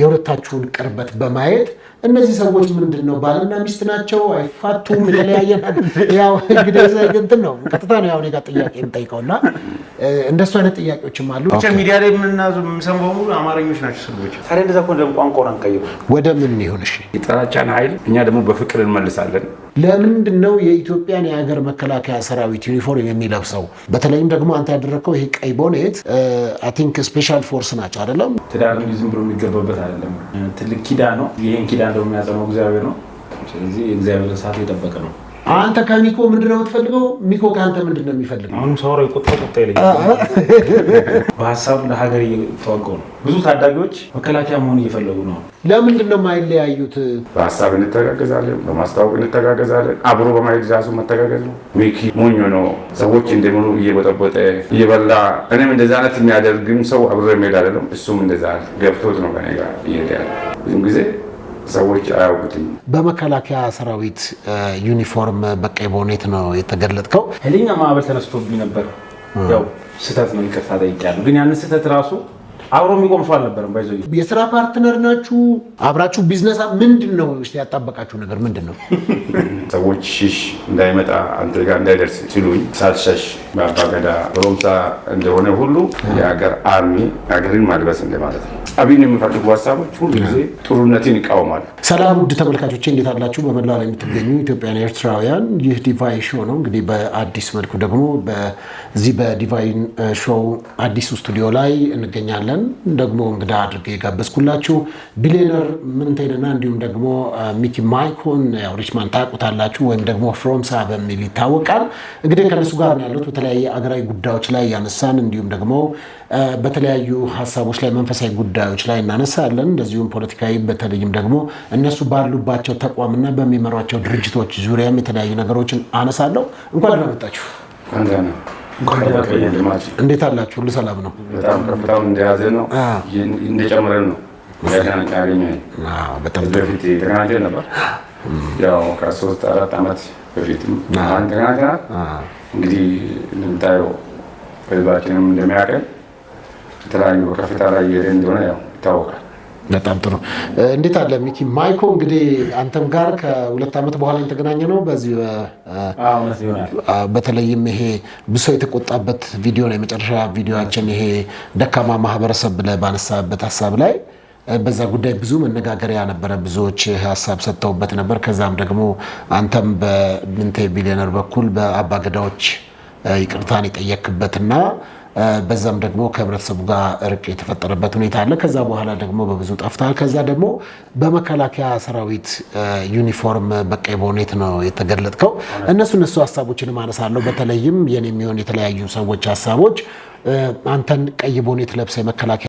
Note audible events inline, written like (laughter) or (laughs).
የሁለታችሁን ቅርበት በማየት እነዚህ ሰዎች ምንድን ነው ባልና ሚስት ናቸው፣ አይፋቱም፣ የተለያየናል። ነው ቀጥታ ነው ያው ጋር ጥያቄ የምጠይቀው እና እንደሱ አይነት ጥያቄዎችም አሉ። ብቻ ሚዲያ ላይ የምናዙ የምንሰማው በሙሉ አማርኞች ናቸው ሰዎች። ታዲያ እንደዛ ኮን እኮ ቋንቋውን አንቀይሩ ወደ ምን ይሁን? እሺ የጥላቻን ኃይል እኛ ደግሞ በፍቅር እንመልሳለን። ለምንድን ነው የኢትዮጵያን የሀገር መከላከያ ሰራዊት ዩኒፎርም የሚለብሰው? በተለይም ደግሞ አንተ ያደረግከው ይሄ ቀይ ቦኔት አይ ቲንክ ስፔሻል ፎርስ ናቸው አይደለም? ትዳር ዝም ብሎ የሚገባበት አይደለም። ትልቅ ኪዳን ነው። ይህን ኪዳን ደግሞ የሚያጸናው እግዚአብሔር ነው። ስለዚህ እግዚአብሔር ሰዓት የጠበቀ ነው። አንተ ከሚኮ ምንድን ነው የምትፈልገው? ሚኮ ከአንተ ምንድን ነው የሚፈልገው? አሁንም ሰው ቁጣ ቁጣ ይለኝ። በሀሳብ ለሀገር እየተዋጋሁ ነው። ብዙ ታዳጊዎች መከላከያ መሆን እየፈለጉ ነው። ለምንድን ነው የማይለያዩት? በሀሳብ እንተጋገዛለን፣ በማስታወቅ እንተጋገዛለን። አብሮ በማየት ራሱ መተጋገዝ ነው። ሚኪ ሞኞ ነው። ሰዎች እንደምኑ እየበጠበጠ እየበላ እኔም እንደዛ አይነት የሚያደርግም ሰው አብሮ የሚሄድ አይደለም። እሱም እንደዛ ገብቶት ነው ከኔ ጋር እየሄድ ያለ ብዙም ጊዜ ሰዎች አያውቁትም። በመከላከያ ሰራዊት ዩኒፎርም በቀይ ቦኔት ነው የተገለጥከው። ኃይለኛ ማዕበል ተነስቶብኝ ነበር። ያው ስህተት ነው፣ ይቅርታ ጠይቄያለሁ። ግን ያንን ስህተት ራሱ አብሮ የሚቆም ሰው አልነበረም። ባይዘ የስራ ፓርትነር ናችሁ፣ አብራችሁ ቢዝነስ ምንድን ነው ያጣበቃችሁ ነገር ምንድን ነው? (laughs) ሰዎች ሽሽ እንዳይመጣ አንተ ጋር እንዳይደርስ ሲሉኝ ሳልሸሽ በአባገዳ ሮምሳ እንደሆነ ሁሉ የሀገር አርሚ ሀገርን ማድረስ እንደማለት ነው። አብይን የሚፈልጉ ሀሳቦች ሁሉ ጊዜ ጥሩነትን ይቃወማሉ። ሰላም ውድ ተመልካቾች እንዴት አላችሁ? በመላ ላይ የምትገኙ ኢትዮጵያን ኤርትራውያን፣ ይህ ዲቫይ ሾው ነው። እንግዲህ በአዲስ መልኩ ደግሞ በዚህ በዲቫይን ሾው አዲሱ ስቱዲዮ ላይ እንገኛለን። ነን ደግሞ እንግዳ አድርገ የጋበዝኩላችሁ ቢሊዮነር ምንቴንና እንዲሁም ደግሞ ሚኪ ማይኮን ሪችማን ታውቁታላችሁ ወይም ደግሞ ፍሮምሳ በሚል ይታወቃል። እንግዲህ ከነሱ ጋር ያሉት በተለያየ አገራዊ ጉዳዮች ላይ ያነሳን እንዲሁም ደግሞ በተለያዩ ሀሳቦች ላይ መንፈሳዊ ጉዳዮች ላይ እናነሳለን። እንደዚሁም ፖለቲካዊ በተለይም ደግሞ እነሱ ባሉባቸው ተቋምና በሚመሯቸው ድርጅቶች ዙሪያም የተለያዩ ነገሮችን አነሳለሁ። እንኳን ደህና መጣችሁ። እንዴት አላችሁ? ሁሉ ሰላም ነው? በጣም ከፍታም እንደያዘ ነው፣ እንደጨመረ ነው። በጣም በፊት ተገናኝተን ነበር፣ ያው ከሶስት አራት ዓመት በፊትም ተገናኝተናል። እንግዲህ እንደምታየው ህዝባችንም እንደሚያውቀን የተለያዩ ከፍታ ላይ እየሄደ እንደሆነ ያው ይታወቃል። በጣም ጥሩ። እንዴት አለ ሚኪ? ማይኮ እንግዲህ አንተም ጋር ከሁለት ዓመት በኋላ የተገናኘ ነው። በዚህ በተለይም ይሄ ብሶ የተቆጣበት ቪዲዮ ነው የመጨረሻ ቪዲዮችን ይሄ ደካማ ማህበረሰብ ብለህ ባነሳበት ሀሳብ ላይ በዛ ጉዳይ ብዙ መነጋገሪያ ነበረ። ብዙዎች ሀሳብ ሰጥተውበት ነበር። ከዛም ደግሞ አንተም በምንቴ ቢሊዮነር በኩል በአባገዳዎች ይቅርታን የጠየክበትና በዛም ደግሞ ከህብረተሰቡ ጋር እርቅ የተፈጠረበት ሁኔታ አለ። ከዛ በኋላ ደግሞ በብዙ ጠፍታል። ከዛ ደግሞ በመከላከያ ሰራዊት ዩኒፎርም በቀይ ቦኔት ነው የተገለጥከው። እነሱ እነሱ ሀሳቦችንም አነሳለሁ። በተለይም የኔ የሚሆን የተለያዩ ሰዎች ሀሳቦች አንተን ቀይ ቦኔት ለብሰ የመከላከያ